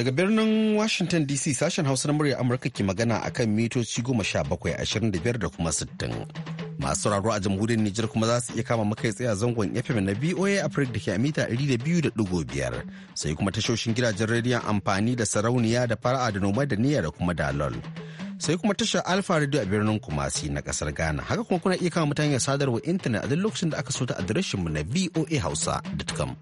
Daga birnin Washington DC sashen Hausa na murya Amurka ke magana a kan mitoci goma sha bakwai ashirin da biyar da kuma sittin. Masu sauraro a jamhuriyar Nijar kuma za su iya kama maka tsaye a zangon FM na BOA Africa da ke a mita 200.5 biyu da ɗigo biyar. Sai kuma tashoshin gidajen rediyon amfani da sarauniya da fara'a da noma da niyya da kuma dalol. Sai kuma tashar Alfa Radio a birnin Kumasi na kasar Ghana. Haka kuma kuna iya kama mutane sadarwa intanet a duk lokacin da aka so ta adireshinmu na voahausa.com.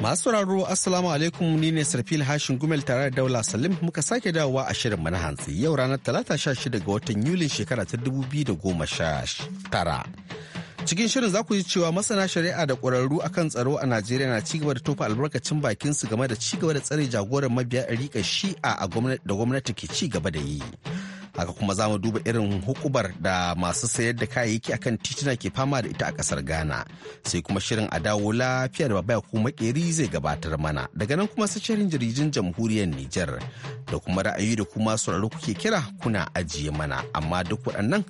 Masu sauraro Assalamu alaikum ni ne Sarfil Hashin Gumel tare da Daula Salim muka sake dawowa a shirin mana hantsi yau ranar talata sha shida ga watan Yulin shekara ta dubu biyu da goma sha tara. Cikin shirin za ku ji cewa masana shari'a da ƙwararru akan tsaro a Najeriya na cigaba da tofa albarkacin bakinsu game da cigaba da tsare jagoran mabiya a riƙa shi'a da gwamnati ke cigaba da yi. haka kuma za mu duba irin hukubar da masu sayar da kayayyaki akan tituna ke fama da ita a kasar ghana sai kuma shirin a dawo lafiya da babaya ko makeri zai gabatar mana daga nan kuma shirin jirgin jamhuriyar niger da kuma ra'ayi da kuma sauraro kuke kira kuna ajiye mana amma duk waɗannan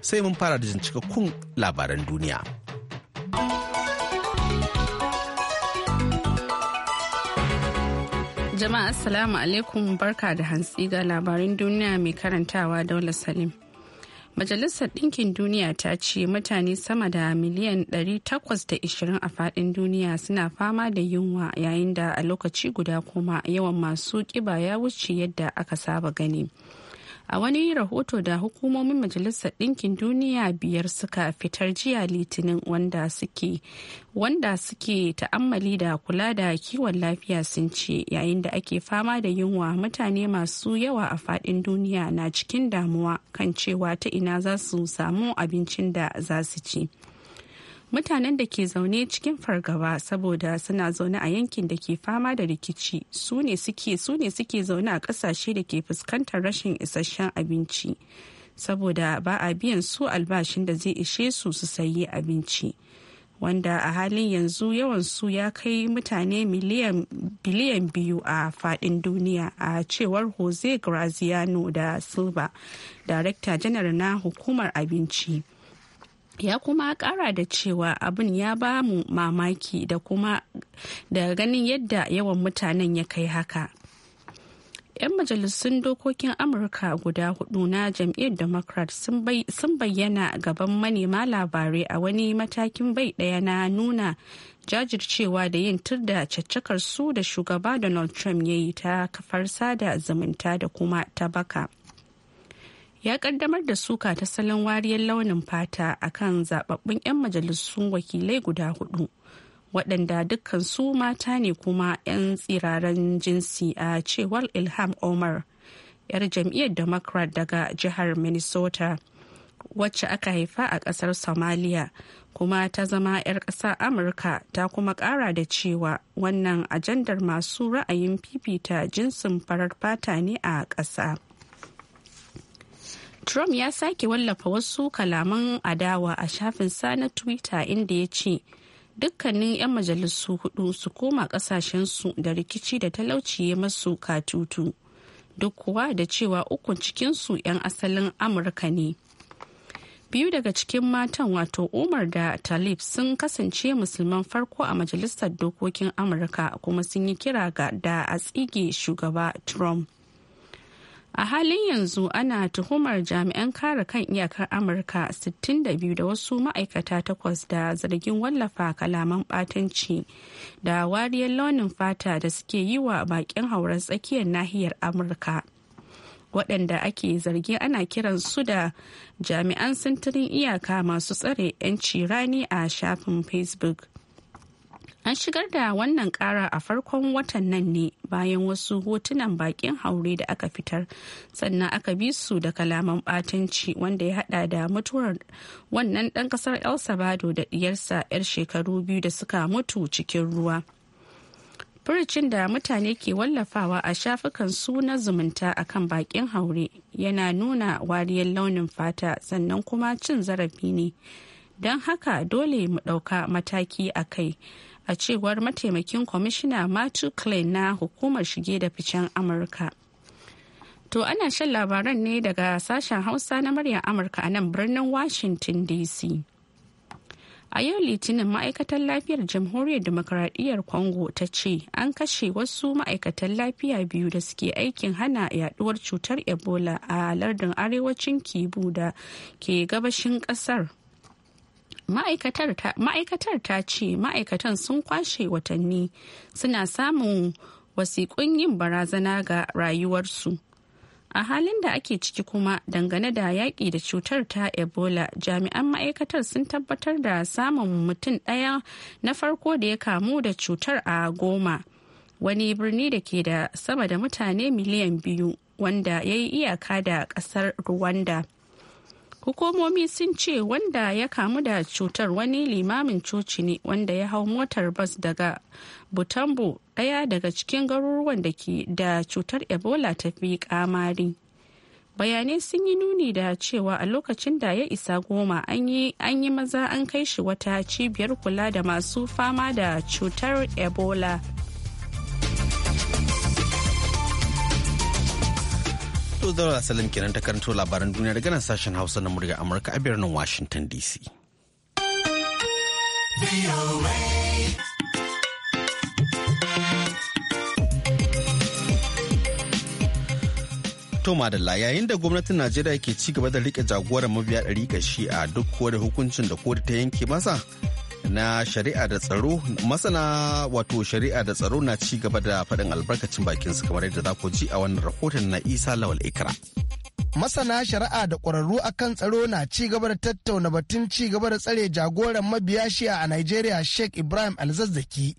sai mun fara da cikakkun labaran duniya. Jama'a Assalamu alaikum barka da hantsi ga labarin duniya mai karantawa Daula Salim. Majalisar dinkin Duniya ta ce mutane sama da miliyan 820 a fadin duniya suna fama da yunwa yayin da a lokaci guda kuma yawan masu kiba ya wuce yadda aka saba gani. a wani rahoto da hukumomin majalisar ɗinkin duniya biyar suka fitar jiya litinin wanda suke wanda suke ta'ammali da kula da kiwon lafiya sun ce yayin da ake fama da yunwa mutane masu yawa a faɗin duniya na cikin damuwa kan cewa ta ina za su samu abincin da za su ci. mutanen da ke zaune cikin fargaba saboda suna zaune a yankin da ke fama da rikici su ne suke zaune a kasashe da ke fuskantar rashin isasshen abinci saboda ba a biyan su albashin da zai ishe su su sayi abinci wanda a halin yanzu yawan su ya kai mutane biliyan biyu a fadin duniya a cewar jose graziano da silva director janar na hukumar abinci ya kuma kara da cewa abin ya ba mu mamaki da kuma da ganin yadda yawan mutanen ya kai haka 'yan majalisun dokokin amurka guda hudu na jam'iyyar democrat sun bayyana gaban manema labarai a wani matakin bai daya na nuna jajircewa da yin tur da caccakar su da shugaba donald trump ya yi ta kafar sada zumunta da kuma tabaka ya kaddamar da suka ta salon wariyar launin fata a kan zababbun 'yan majalisun wakilai guda hudu waɗanda dukkan su mata ne kuma 'yan tsiraren jinsi a cewar ilham omar 'yar jam'iyyar democrat daga jihar minnesota wacce aka haifa a ƙasar somalia kuma ta zama 'yar ƙasa amurka ta kuma ƙara da cewa wannan ajandar masu ra'ayin fifita jinsin farar fata ne a ƙasa Trump ya sake wallafa wasu kalaman adawa a shafinsa na Twitter inda ya ce dukkanin 'yan majalisu hudu su koma kasashensu da rikici da talauci ya masu katutu duk kuwa da cewa ukun cikinsu 'yan asalin Amurka ne. biyu daga cikin matan wato umar da talib sun kasance musulman farko a majalisar dokokin amurka kuma sun yi kira ga da a tsige shugaba trump a halin yanzu ana tuhumar jami'an kare kan iyakar amurka 62 da wasu ma'aikata takwas da zargin wallafa kalaman batanci da wariyar launin fata da suke yi wa bakin hauren tsakiyar nahiyar amurka waɗanda ake zargi ana kiran su da jami'an sintirin iyaka masu tsare 'yanci rani a shafin facebook An shigar da wannan kara a farkon watan nan ne bayan wasu hotunan bakin haure da aka fitar sannan aka bi su da kalaman batanci wanda ya hada da mutuwar wannan dan kasar El sabado da diyarsa 'yar shekaru biyu da suka mutu cikin ruwa. Furicin da mutane ke wallafawa a shafukan su na zumunta akan bakin haure yana nuna wariyar launin fata sannan kuma cin zarafi ne. Don haka dole mu ɗauka mataki a kai. a cewar mataimakin kwamishina Matthew Klein na hukumar shige da ficen Amurka. To ana shan labaran ne daga sashen Hausa na murya Amurka a nan birnin Washington DC. A yau Litinin ma'aikatar lafiyar jamhuriyar demokradiyyar Congo ta ce an kashe wasu ma'aikatan lafiya biyu da suke aikin hana yaduwar cutar Ebola a lardin arewacin Kibu da ke gabashin kasar. ma'aikatar ta ce ma'aikatan sun kwashe watanni suna samun wasiƙun yin barazana ga rayuwarsu a halin da ake ciki kuma dangane da yaƙi da cutar ta ebola jami'an ma'aikatar sun tabbatar da samun mutum ɗaya na farko da ya kamu da cutar a goma wani birni da ke da sama da mutane miliyan biyu wanda ya yi iyaka da ƙasar rwanda hukumomi sun ce wanda ya kamu da cutar wani limamin coci ne wanda ya hau motar bas daga butambo daya daga cikin garuruwan da ke da cutar ebola ta fi kamari bayanai sun yi nuni da cewa a lokacin da ya isa goma an yi maza an kai shi wata cibiyar kula da masu fama da cutar ebola To zaura salim kenan ta karanto labaran duniya daga nan sashen Hausa na murya Amurka a birnin Washington DC. To Madalla yayin da gwamnatin Najeriya ke ci gaba da rike jagorar mabiya ɗari ga shi a duk kuwa da hukuncin da kotu ta yanke masa na shari'a da tsaro masana wato shari'a da tsaro na ci gaba da faɗin albarkacin bakinsu kamar yadda za ku ji a wannan rahoton na isa lawal ikra masana shari'a da ƙwararru akan tsaro na ci gaba da tattauna batun ci gaba da tsare jagoran mabiya shi a Nigeria, Sheikh Ibrahim Alzazzaki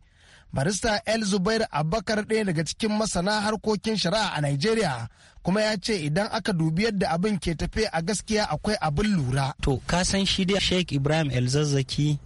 barista el zubair abubakar ɗaya daga cikin masana harkokin shari'a a nigeria kuma ya ce idan aka dubi yadda abin ke tafe a gaskiya akwai abin lura to kasan san shi dai sheikh ibrahim el zazzaki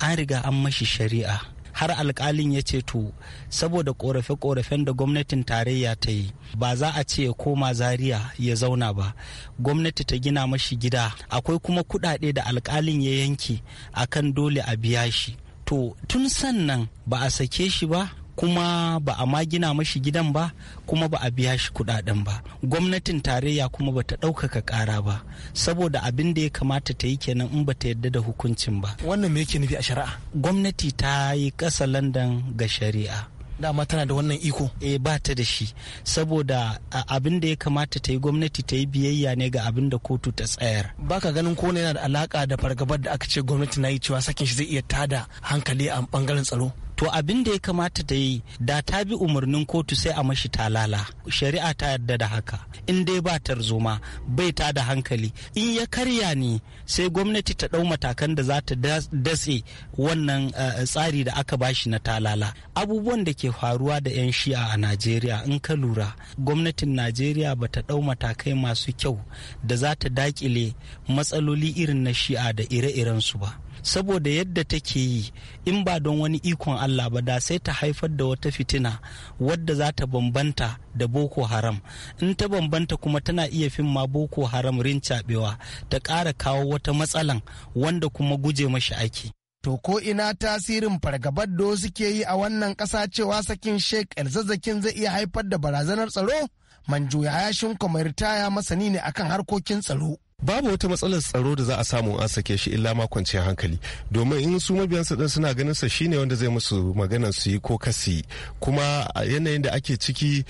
an riga an mashi shari'a har alkalin ya ce to saboda korafe-korafen da gwamnatin tarayya ta yi ba za a ce ya koma zaria ya zauna ba gwamnati ta gina mashi gida akwai kuma kudade da alkalin ya yanke akan dole a biya shi to tun sannan ba a sake shi ba kuma ba a ma gina mashi gidan ba kuma ba a biya shi kudaden ba gwamnatin tarayya kuma ba ta ɗaukaka ƙara ba saboda abin da ya kamata ta yi kenan in ba ta yarda da hukuncin ba wannan me yake nufi a shari'a gwamnati ta yi ƙasa landan ga shari'a dama tana da wannan iko eh ba ta da shi saboda abin da ya kamata ta yi gwamnati ta yi biyayya ne ga abin da kotu ta tsayar baka ganin ko yana da alaka da fargabar da aka ce gwamnati na yi cewa sakin shi zai iya tada hankali a bangaren tsaro to abin da ya kamata ta yi da ta bi umarnin kotu sai a mashi talala shari'a ta yarda da haka in dai ba tarzoma bai ta da hankali in ya karya ne sai gwamnati ta ɗau matakan da za ta datse wannan eh, tsari da aka bashi na talala abubuwan da ke faruwa da 'yan shi'a a najeriya in ka lura gwamnatin najeriya ba ta ɗau matakai masu kyau da za ta dakile matsaloli irin na shi'a da ire-irensu ba saboda yadda take yi in ba don wani ikon Allah ba da sai ta haifar da wata fitina wadda za ta bambanta da boko haram in ta bambanta kuma tana iya fin ma boko haram rincaɓewa ta kara kawo wata matsalan wanda kuma guje mashi ake to ko ina tasirin fargabar do suke yi a wannan ƙasa cewa sakin sheikh elzazzakin zai iya haifar da barazanar tsaro manjo ya shin kuma ritaya masani ne akan harkokin tsaro babu wata matsalar tsaro da za a samu an sake shi illa ma kwanciyar hankali domin in su mabiyansa din suna ganin sa shine wanda zai musu maganar su yi ko kasi kuma yanayin da ake ciki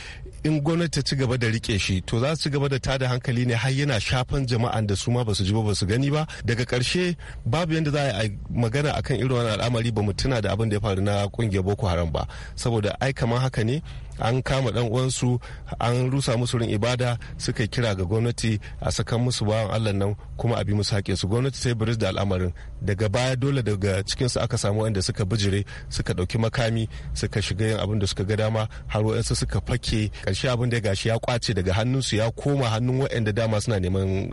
in gwamnati ta ci gaba da rike shi to za su gaba da tada hankali ne har yana shafan jama'an da su ma basu ji ba basu gani ba daga karshe babu yadda za a yi magana akan irin wannan al'amari ba mu tuna da abin da ya faru na kungiyar boko haram ba saboda ai kamar haka ne an kama dan uwansu an rusa musu rin ibada suka kira ga gwamnati a sakan musu bawan allah nan kuma a bi musu haƙe su gwamnati sai biris da al'amarin daga baya dole daga cikin su aka samu wanda suka bijire suka dauki makami suka shiga yin abin da suka ga dama har wayansu suka fake ƙarshe abin da gashi ya kwace daga su ya koma hannun waɗanda dama suna neman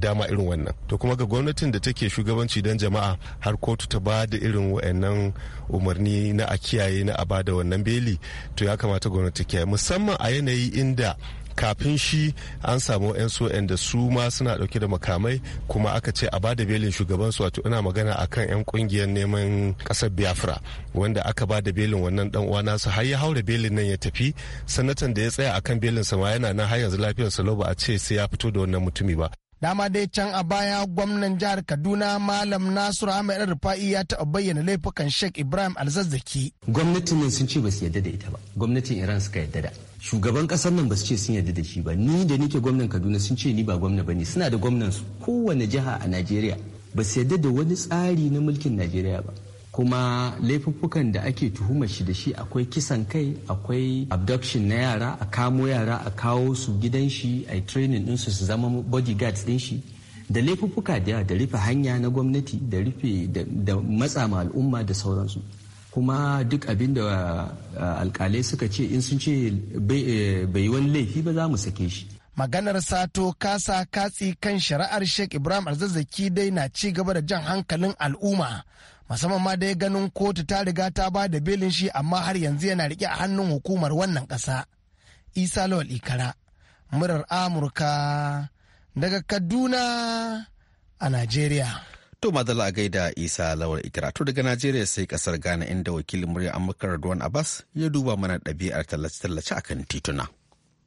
dama irin wannan to kuma ga gwamnatin da take shugabanci don jama'a har kotu ta ba da irin waɗannan umarni na a kiyaye na a ba da wannan beli to ya kamata gwamnati kiyaye musamman a yanayi inda kafin shi an samu 'yan so da su ma suna dauke da makamai kuma aka ce a bada belin shugaban su wato ina magana akan 'yan kungiyar neman kasar biafra wanda aka bada belin wannan dan uwa nasu har ya haura belin nan ya tafi sanatan da ya tsaya akan belin sa ma yana nan har yanzu lafiyar sa ba a ce sai ya fito da wannan mutumi ba dama dai can a baya gwamnan jihar kaduna malam nasiru ahmed rufa'i ya taɓa bayyana laifukan sheikh ibrahim alzazzaki gwamnatin nan sun ce ba su yarda da ita ba gwamnatin iran suka yarda da shugaban kasar nan ba su ce sun yarda da shi ba ni da nike gwamnan kaduna sun ce ni ba gwamna ba ne suna da gwamnan su kowane jiha a najeriya ba su yarda da wani tsari na mulkin najeriya ba kuma laifuffukan da ake tuhuma shi da shi akwai kisan kai akwai abduction na yara a kamo yara a kawo su gidan shi a training din su zama bodyguards din shi da laifuffuka da yawa da rufe hanya na gwamnati da rufe da matsa ma al'umma da sauransu kuma duk abin da eh, alkalai suka ce in sun ce bai eh, wani laifi ba za mu sake shi maganar sato kasa katsi kan shari'ar sheikh ibrahim alzazzaki dai na ci gaba da jan hankalin al'umma musamman ma dai ganin kotu ta riga ta ba da belin shi amma har yanzu yana rike a hannun hukumar wannan ƙasa isa lawal ikara murar amurka daga kaduna a najeriya To madalla a gaida Isa Lawal ikara to daga Najeriya sai kasar Ghana inda wakilin murya Amurka Radwan Abbas ya duba mana ɗabi'ar tallace-tallace a kan tituna.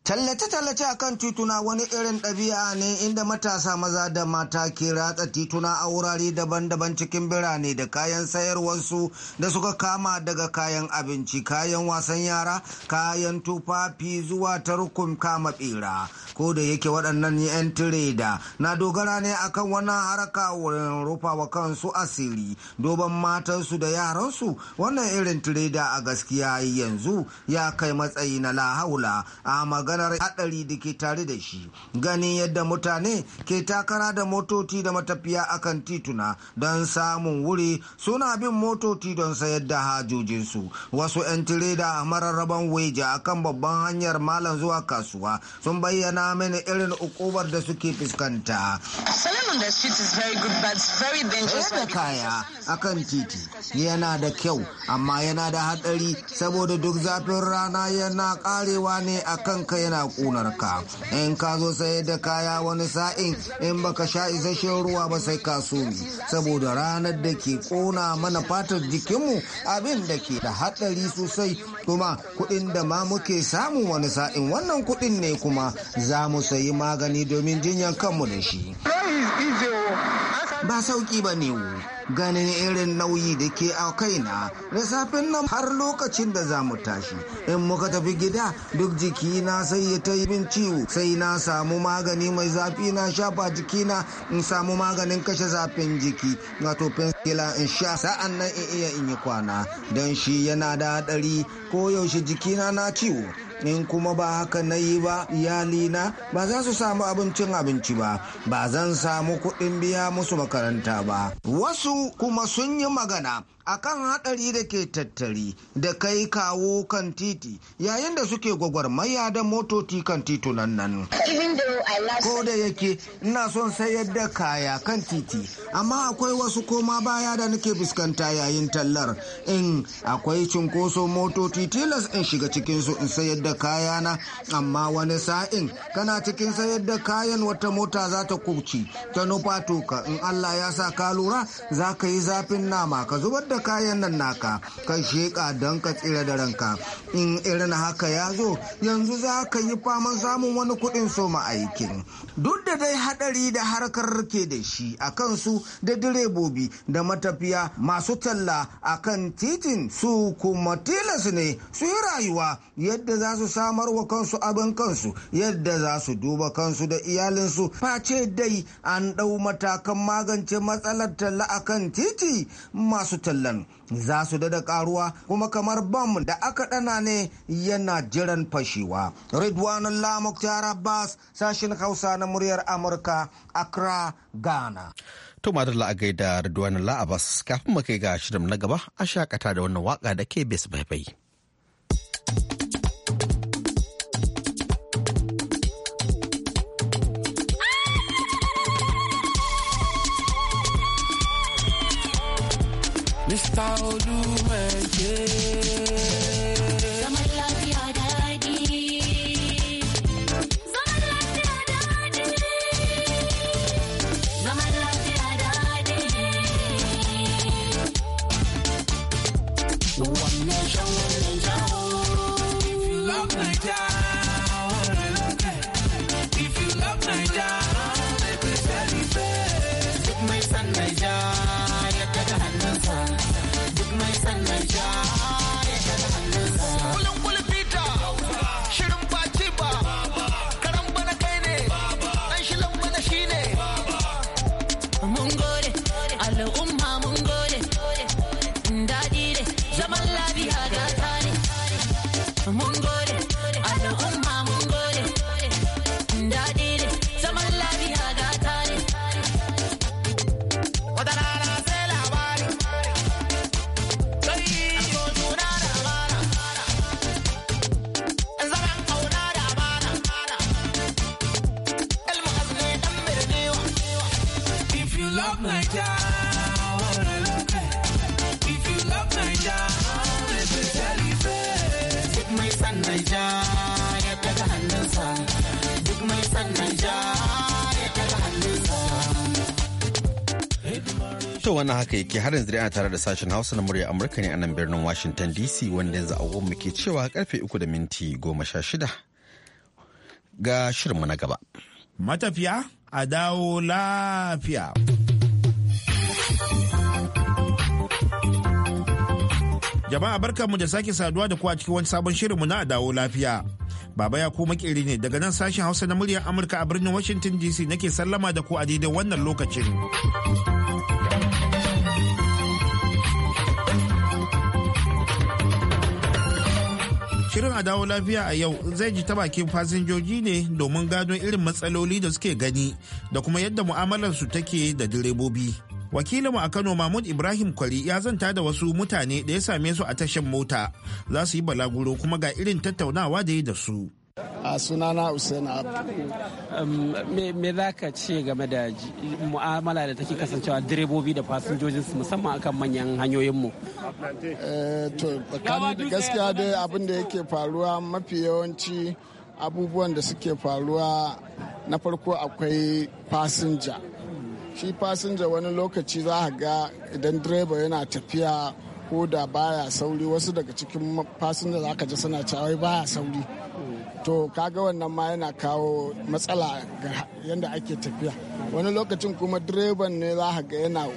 Tallace-tallace a kan tituna wani irin ɗabi'a ne inda matasa maza da mata ke ratsa tituna a wurare daban-daban cikin birane da kayan sayarwarsu da suka kama daga kayan abinci, kayan wasan yara, kayan tufafi zuwa rukun kama ɓera. Ko da yake waɗannan 'yan tireda na dogara ne akan wannan haraka wurin rufawa kansu asiri, doban matansu da yaransu wannan irin tireda a gaskiya yanzu ya kai matsayi na lahaula a maganar haɗari da ke tare da shi ganin yadda mutane ke takara da motoci da matafiya akan tituna don samun wuri suna bin motoci don sayar da hajojinsu wasu 'yan tireda a mararraban weja akan babban hanyar malam zuwa kasuwa sun bayyana mini irin ukubar da suke fuskanta da kaya akan titi yana da kyau amma yana da haɗari saboda duk zafin rana yana karewa ne akan kai yana kunar ka in ka zo sayar da kaya wani sa'in in baka sha isasshen ruwa ba sai ka sumi saboda ranar da ke kona mana fatar jikinmu abin da ke da haɗari sosai kuma kuɗin da ma muke samu wani sa'in wannan kuɗin ne kuma za mu sayi magani domin jinyar kanmu da shi. ba sauki ba ne ganin irin nauyi da ke a kaina da safin nan har lokacin da za mu tashi in muka tafi gida duk jikina sai ya ta yi ciwo sai na samu magani mai zafi na shafa jikina in samu maganin kashe zafin jiki wato penicillin in sha sa'an nan in iya in yi kwana don shi yana da haɗari ko yaushe jikina na ciwo in kuma ba haka na yi ba iyalina ba za su samu abincin abinci ba ba zan samu kuɗin biya musu makaranta ba wasu kuma sun yi magana akan haɗari da ke tattari da kai kawo kan titi yayin da suke gwagwarmaya da motoci kan titunan nan. Ko da yake ina son sayar da kaya kan titi, amma akwai wasu koma baya da nake fuskanta yayin tallar in akwai cunkoso motoci tilas in shiga cikinsu in sayar da kaya na amma wani sa'in kana cikin sayar da kayan wata mota za ta kubci ta nufa toka in Allah ya sa ka lura za ka yi zafin nama ka zubar da kayan nan naka ka sheƙa don ka tsira da ranka in irin haka ya zo yanzu za ka yi faman samun wani kuɗin soma aikin duk da dai haɗari da harkar ke da shi a kansu da direbobi da matafiya masu talla a kan titin su kuma tilas ne su yi rayuwa yadda za su samar wa kansu abin kansu yadda za su duba kansu da iyalinsu face dai an ɗau matakan magance matsalar talla a kan titi masu talla Allah za su dada karuwa kuma kamar bam da aka dana ne yana jiran fashewa. Ridwan Lamuktar Abbas sashin Hausa na muryar Amurka Accra Ghana. To madalla a gaida Ridwan Abbas kafin mu kai ga shirin na gaba a shakata da wannan waka da ke bai. Mr. Odumeje. To wani haka yake har yanzu ana tare da sashen Hausa na murya Amurka ne a nan birnin Washington DC wanda yanzu a agogon muke cewa karfe uku da minti goma sha shida ga shirinmu na gaba. Matafiya a dawo lafiya. Jama'a barkanmu da sake saduwa da kuwa cikin wani sabon shirinmu na dawo lafiya. Baba ya ko makeri ne daga nan sashen Hausa na muryar Amurka a birnin Washington DC nake sallama da ku a daidai wannan lokacin. Shirin a dawo lafiya a yau zai ji ta bakin fasinjoji ne domin gano irin matsaloli da suke gani da kuma yadda mu'amalarsu take da direbobi. Wakilinmu a Kano Mahmud Ibrahim Kwari ya zanta da wasu mutane da ya same su a tashan mota za su yi balaguro kuma ga irin tattaunawa da yi da su. a sunana Usain Abu. Um, me za ka ce game da mu'amala da take kasancewa direbobi da fasinjojin su musamman akan manyan mu? Eh, to, gaskiya dai abin da yake faruwa mafi yawanci abubuwan da suke faruwa na farko akwai fasinja. Shi fasinja wani lokaci za a ga idan direba yana tafiya ko da baya sauri wasu daga cikin fasinja za ka ji suna cewa baya sauri. to kaga wannan ma yana kawo matsala ga yadda ake tafiya wani lokacin kuma direban ne za ga yana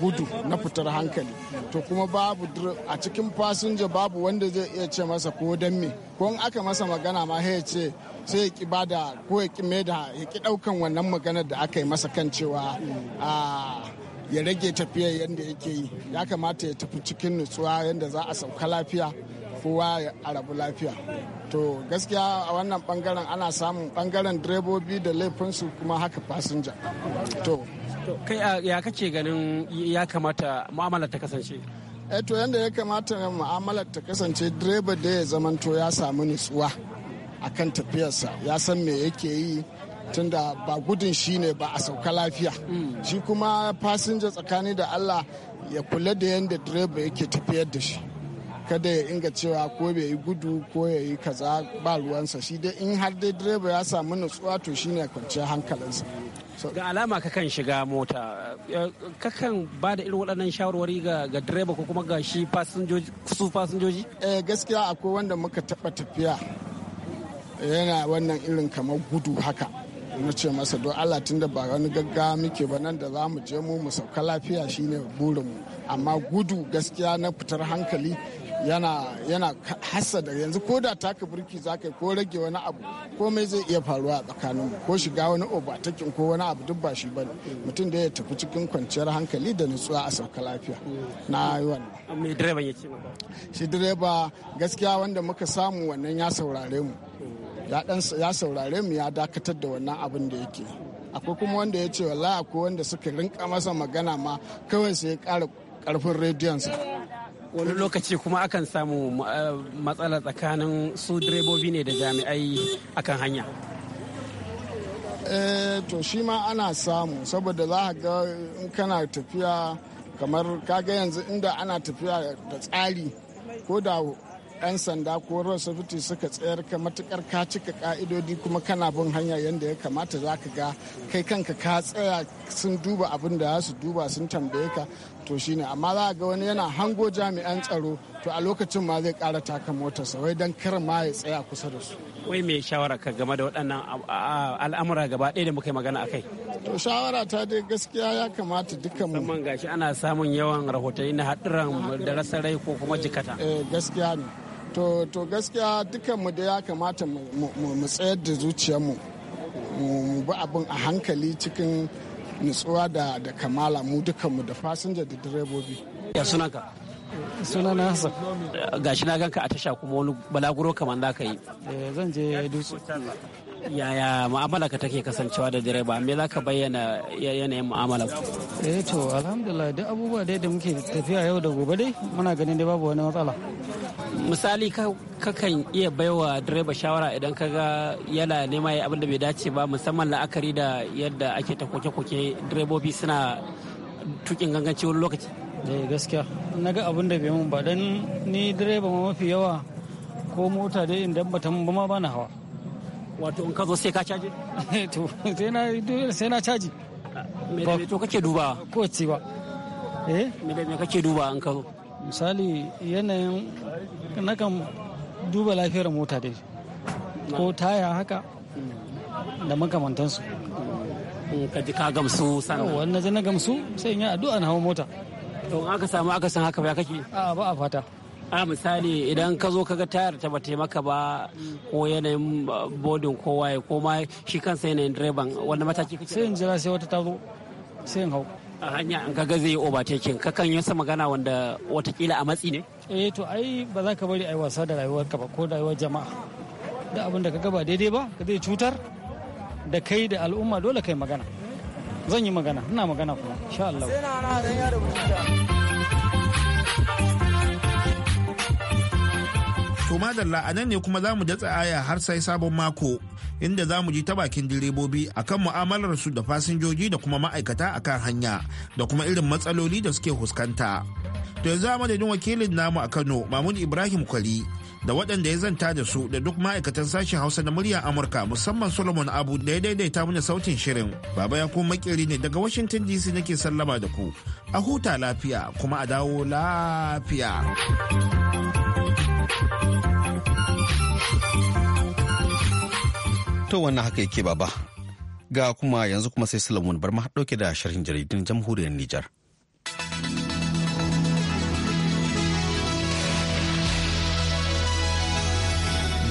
gudu na fitar hankali to kuma babu a cikin fasinja babu wanda zai iya ce masa ko don me ko in aka masa magana ma ya ce sai ya ki bada ko ya ki da ya ki daukan wannan maganar da aka yi masa kan cewa ya rage tafiya yadda yake yi ya kamata ya tafi cikin nutsuwa yadda za a sauka lafiya kowa ya rabu lafiya to gaskiya a wannan bangaren ana samun bangaren direbobi da laifinsu kuma haka fasinja to kai ya kace ganin ya kamata mu'amala ta kasance eh to yanda ya kamata mu'amala ta kasance direba da ya zamanto ya samu nutsuwa akan tafiyarsa ya san me yake yi tunda ba gudun shi ne ba a sauka lafiya hmm. shi kuma fasinja tsakani da allah ya kula da yadda direba yake tafiyar da shi kada ya inga cewa ko bai yi gudu ko ya yi kaza ba ruwansa shi dai in har dai direba ya samu nutsuwa to shi ne kwanciyar hankalinsa ga alama kakan shiga mota kakan ba da irin waɗannan shawarwari ga direba ko kuma ga shi su fasinjoji eh, gaskiya akwai wanda muka taɓa tafiya yana wannan irin kamar gudu haka na ce masa don Allah tun da ba wani gaggawa muke ba nan da za mu je mu mu sauka lafiya shine burinmu amma gudu gaskiya na fitar hankali yana yana hassada yanzu ko da taka birki za ka ko rage wani abu ko mai zai iya faruwa a tsakanin ko shiga wani obatakin ko wani abu duk ba shi ba ne mutum da ya tafi cikin kwanciyar hankali da nutsuwa a sauka lafiya na yi wannan mai direba ya ce shi direba gaskiya wanda muka samu wannan ya saurare mu ya saurare mu ya dakatar da wannan abin da yake akwai kuma wanda ya ce wallahi akwai wanda suka rinka masa magana ma kawai sai ya kara karfin rediyonsa wani lokaci kuma akan samu eh, matsala tsakanin su direbobi ne da jami'ai akan hanya eh to shi ma ana samu saboda za ga in kana tafiya kamar kaga yanzu inda ana tafiya da tsari ko da 'yan sanda ko road suka tsayar ka matukar ka cika ka'idodi kuma kana bin hanya yadda ya kamata za ka ga kai kanka ka tsaya sun duba abin da su duba sun tambaye ka to shine amma za ga wani yana hango jami'an tsaro to a lokacin ma zai kara taka motarsa wai don kar ma ya tsaya kusa da su wai mai shawara ka game da waɗannan al'amura gaba ɗaya da muka yi magana akai. to shawara ta dai gaskiya ya kamata dukkan mu gashi ana samun yawan rahotanni na haɗuran da rasa rai ko kuma jikata eh, gaskiya ne to to gaskiya dukkanmu da ya kamata mu tsayar da zuciyarmu mu bi abin a hankali cikin nutsuwa da kamala mu dukkanmu da fasinja da direbobi ya sunanka suna na hasa gashi na ganka a tasha kuma wani balaguro kamar da ka yi eh, zan je dutse yaya mu'amala ka take kasancewa da direba me za ka bayyana yanayin mu'amala eh to alhamdulillah duk abubuwa dai da muke tafiya yau da gobe dai muna ganin dai babu wani matsala misali kakan iya baiwa direba shawara idan ka ga yana nema ya abin bai dace ba musamman la'akari da yadda ake ta koke-koke direbobi suna tukin ganganci wani lokaci eh gaskiya na ga abinda bai mun ba dan ni direba mafi yawa ko mota dai idan ta mun ba ma bana hawa wato in ka zo sai ka caji eh, to sai na caji me to kake duba ko ce ba eh me da me kake duba in ka zo misali yanayin kan duba lafiyar mota dai ko taya haka mm. da makamantansu mm. ka ji ka gamsu sana wannan na gamsu sai in yi addu'a na hawa mota to aka samu aka san haka ba kake a ba a fata a misali idan ka zo kaga tayar ta bata maka ba ko yanayin bodin ko waye ko ma shi kansa yanayin direban wanda mataki kake sai in jira sai wata ta zo sai in hau a hanya an kaga zai yi overtaking kakan yi wasa magana wanda watakila a matsi ne eh to ai ba za ka bari ai wasa da rayuwar ka ba ko da rayuwar jama'a da abin da kaga ba daidai ba ka zai cutar da kai da al'umma dole kai magana zan yi magana ina magana kuma insha Allah kuma da la'anan ne kuma za mu datsa aya har sai sabon mako inda za mu ji ta bakin direbobi akan mu'amalar su da fasinjoji da kuma ma'aikata a kan hanya da kuma irin matsaloli da suke huskanta To yanzu a madadin wakilin namu a Kano Mamun Ibrahim Kwali da waɗanda ya zanta da su da duk ma'aikatan sashen Hausa na muryar Amurka musamman Solomon Abu da ya daidaita mana sautin shirin. Baba ya kuma makiri ne daga Washington DC nake sallama da ku. A huta lafiya kuma a dawo lafiya. To wannan haka yake baba. Ga kuma yanzu kuma sai bar ma ɗauke da sharhin jaridun jamhuriyar Nijar.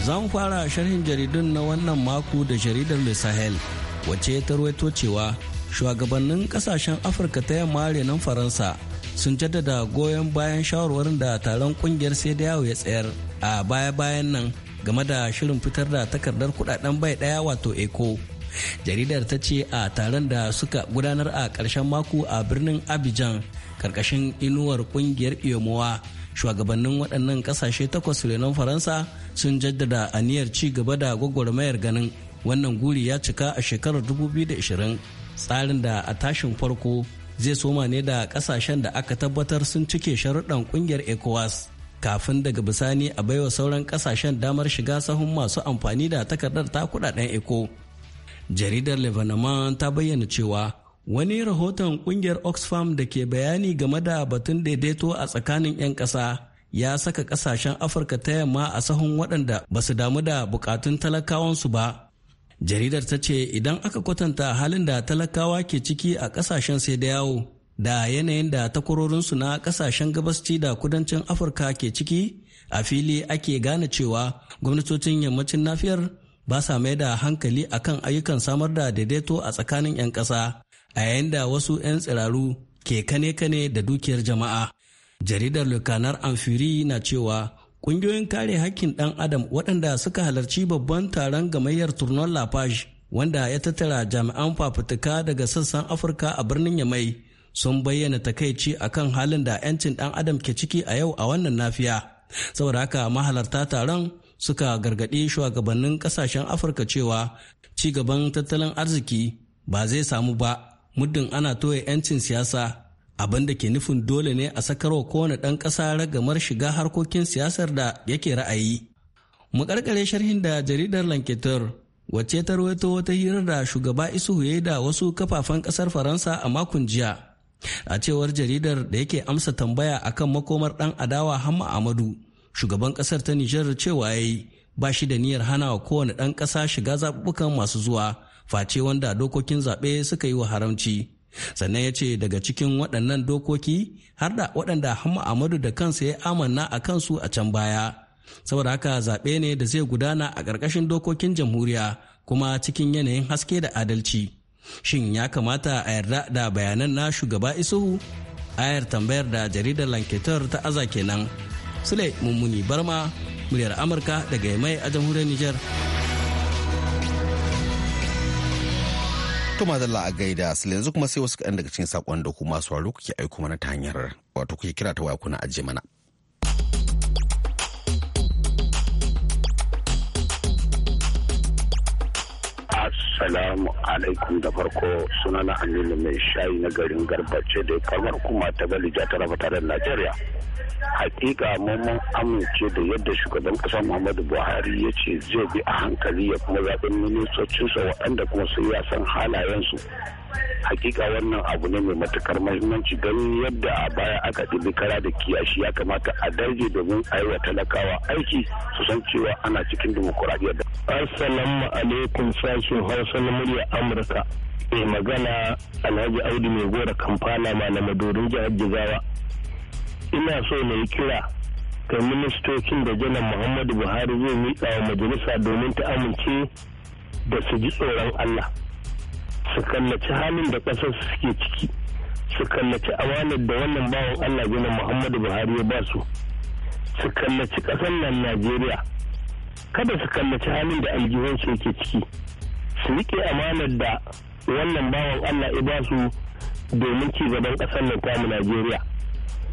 Zan fara sharhin jaridun na wannan mako da jaridar Le Sahel wacce ta ruwaito cewa shugabannin kasashen Afirka ta yamma renon Faransa sun jaddada goyon bayan shawarwarin da taron kungiyar sai da yawo ya tsayar a baya-bayan nan game da shirin fitar da takardar kudaden bai daya wato eco jaridar ta ce a taron da suka gudanar a ƙarshen mako a birnin abijan karkashin inuwar kungiyar iyomowa shugabannin waɗannan ƙasashe takwas renon faransa sun jaddada aniyar ci gaba da gwagwarmayar ganin wannan guri ya cika a shekarar 2020 tsarin da a tashin farko zai soma ne da ƙasashen da aka tabbatar sun cike sharuɗan ƙungiyar ecowas kafin daga bisani a baiwa sauran kasashen damar shiga sahun masu amfani da takardar ta kudaden eco jaridar lebanon ta bayyana cewa wani rahoton kungiyar oxfam da ke bayani game da batun daidaito a tsakanin 'yan ƙasa ya saka ƙasashen afirka ta yamma a sahun waɗanda ba su damu da bukatun talakawansu ba jaridar ta ce idan aka kwatanta halin da talakawa ke ciki a ƙasashen sai da yawo da yanayin da takwarorinsu na kasashen gabasci da kudancin afirka ke ciki a fili ake gane cewa gwamnatocin yammacin nafiyar ba sa mai da hankali akan ayyukan samar da daidaito a tsakanin 'yan ƙasa a yayin da wasu 'yan tsiraru ke kane-kane da dukiyar jama'a jaridar lukanar amfiri na cewa ƙungiyoyin kare hakkin ɗan adam waɗanda suka halarci babban taron gamayyar turnon wanda ya tattara jami'an fafutuka daga sassan afirka a birnin yamai sun bayyana takaici a kan halin da 'yancin ɗan adam ke ciki a yau a wannan nafiya saboda haka mahalarta taron suka gargaɗi shugabannin ƙasashen afirka cewa ci gaban tattalin arziki ba zai samu ba muddin ana toye 'yancin siyasa abin da ke nufin dole ne a sakarwa kowane ɗan ƙasa ragamar shiga harkokin siyasar da yake ra'ayi. Mu karkare sharhin da jaridar Lanketer wacce ta rawaito wata hirar da shugaba Isuhu ya da wasu kafafen ƙasar Faransa a makon jiya a cewar jaridar da yake amsa tambaya akan makomar dan adawa hamma amadu shugaban kasar ta nijar cewa ya yi ba shi da niyyar hana wa kowane dan kasa shiga zaɓuɓɓukan masu zuwa face wanda dokokin zaɓe suka yi wa haramci sannan ya ce daga cikin waɗannan dokoki har da waɗanda hamma amadu da kansa ya amanna a kansu a can baya saboda haka zaɓe ne da zai gudana a ƙarƙashin dokokin jamhuriya kuma cikin yanayin haske da adalci shin ya kamata a yarda da bayanan na shugaba isuhu ayar tambayar da jaridar lanketar ta aza kenan sule mummuni barma muryar amurka daga mai a jamhuriyar niger To madalla a gaida su yanzu kuma sai wasu kaɗan daga cikin saƙon da kuma sauraro kuke aiko mana ta hanyar wato kuke kira ta waya kuna ajiye mana. Assalamu alaikum da farko sunana Aminu mai shayi na garin Garbace da farmar kuma ta Balija ta raba tare Najeriya. hakika mun amince da yadda shugaban kasa muhammadu buhari ya ce zai bi a hankali ya kuma zaɓin ministocinsa waɗanda kuma sai ya san halayensu hakika wannan abu ne mai matukar mahimmanci don yadda a baya aka ɗibi kara da kiyashi ya kamata a darje domin a yi wa talakawa aiki su san cewa ana cikin dimokuraɗiyya da assalamu alaikum sashen hausa na murya amurka mai magana alhaji audu mai gora kamfana malamadorin jihar jigawa ina so na yi kira ga ministocin da janar muhammadu buhari zai miƙa wa majalisa domin ta amince da su ji tsoron allah su kallaci halin da ƙasar suke ciki su kallaci amanar da wannan bawan allah janar muhammadu buhari ya ba su su kallaci ƙasar nan najeriya kada su kallaci halin da aljihunsu yake ciki su riƙe amanar da wannan bawan allah ya ba su domin ci gaban ƙasar nan tamu najeriya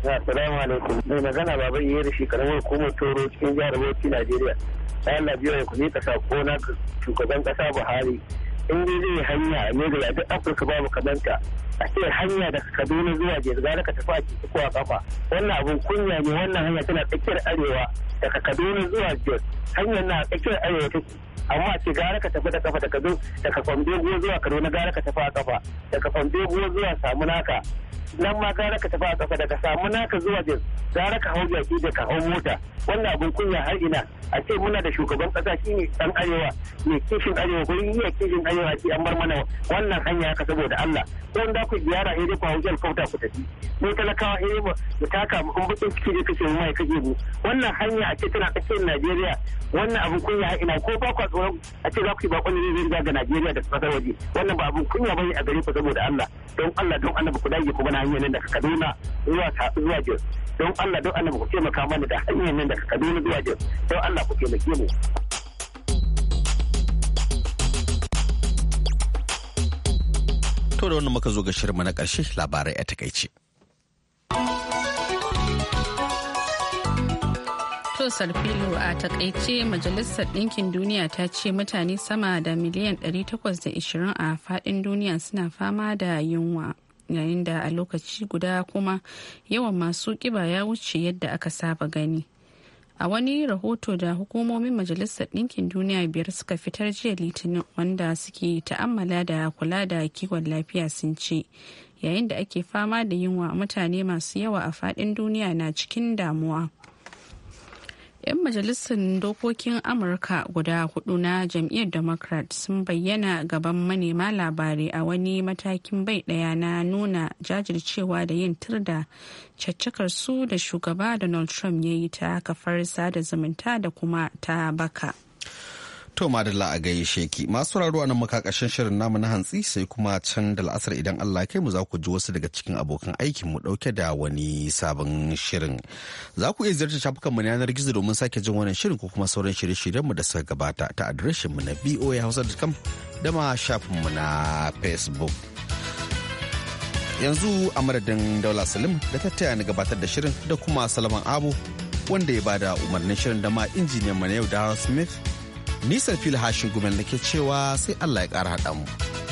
Assalamu alaikum. Mai magana baban yi da shekarun hukumar Toro cikin jihar Bauchi Najeriya. Ta Allah biyo ku ne ka sako na shugaban kasa Buhari. In dai zai hanya ne ga duk Afirka babu kadanta A ce hanya daga Kaduna zuwa Jos gara ka tafi a cikin ko a kafa. Wannan abun kunya ne wannan hanya tana tsakiyar arewa daga Kaduna zuwa Jos. Hanyar na tsakiyar arewa take. amma ce gara ka tafi da kafa daga zo daga fambego zuwa kaduna gara ka tafi a kafa daga fambego zuwa naka nan ma gara ka tafi a kafa daga naka zuwa jin gara ka hau jaki da ka hau mota wannan abin kunya har ina a ce muna da shugaban kasa shi ne dan arewa ne kishin arewa ko yi a kishin arewa ce an bar mana wannan hanya haka saboda Allah don da ku ziyara sai dai ku kutafi helicopter ku tafi mun talakawa sai mu mu taka mu kuma bakin ciki kace mu mai kaje mu wannan hanya a ce tana tsakiyar Najeriya wannan abin kunya ina ko ba ku tsoron a ce za ku yi ba ne zai ga Najeriya da kasar waje wannan ba abun kunya bane a gare ku saboda Allah don Allah don Allah ku dage ku bana hanyar nan daga Kaduna zuwa zuwa Jos don Allah don Allah ku taimaka mana da hanyar nan daga Kaduna zuwa Jos don Allah ku taimake mu To da wannan muka zo ga shirma na ƙarshe labarai a takaice. Tosar filo a takaice Majalisar Ɗinkin Duniya ta ce mutane sama da miliyan 820 a faɗin duniya suna fama da yunwa. yayin da a lokaci guda kuma yawan masu ƙiba ya wuce yadda aka saba gani a wani rahoto da hukumomin majalisar ɗinkin duniya biyar suka fitar jiya litinin wanda suke ta'ammala da kula da kiwon lafiya sun ce yayin da ake fama da yunwa mutane masu yawa a faɗin duniya na cikin damuwa 'yan majalisar dokokin amurka guda hudu na jam'iyyar democrat sun bayyana gaban manema labarai a wani matakin bai daya na nuna jajircewa da yin tarda caccakar su da shugaba donald trump ya yi ta kafar sada zumunta da kuma ta baka To madalla a gaishe sheki masu raro nan muka kashin shirin namu na hantsi sai kuma can da la'asar idan Allah kai mu za ku ji wasu daga cikin abokan aikin mu ɗauke da wani sabon shirin. Za ku iya ziyartar shafukan mu na yanar gizo domin sake jin wannan shirin ko kuma sauran shirye-shiryen mu da suka gabata ta adireshin mu na voahausa.com da ma shafin mu na Facebook. Yanzu a madadin Daula Salim da ta taya gabatar da shirin da kuma Salaman Abu wanda ya bada umarnin shirin da ma injiniyan mu na yau da Smith Nisan fili hashin gumel nake cewa sai Allah ya ƙara haɗa mu.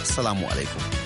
Assalamu alaikum.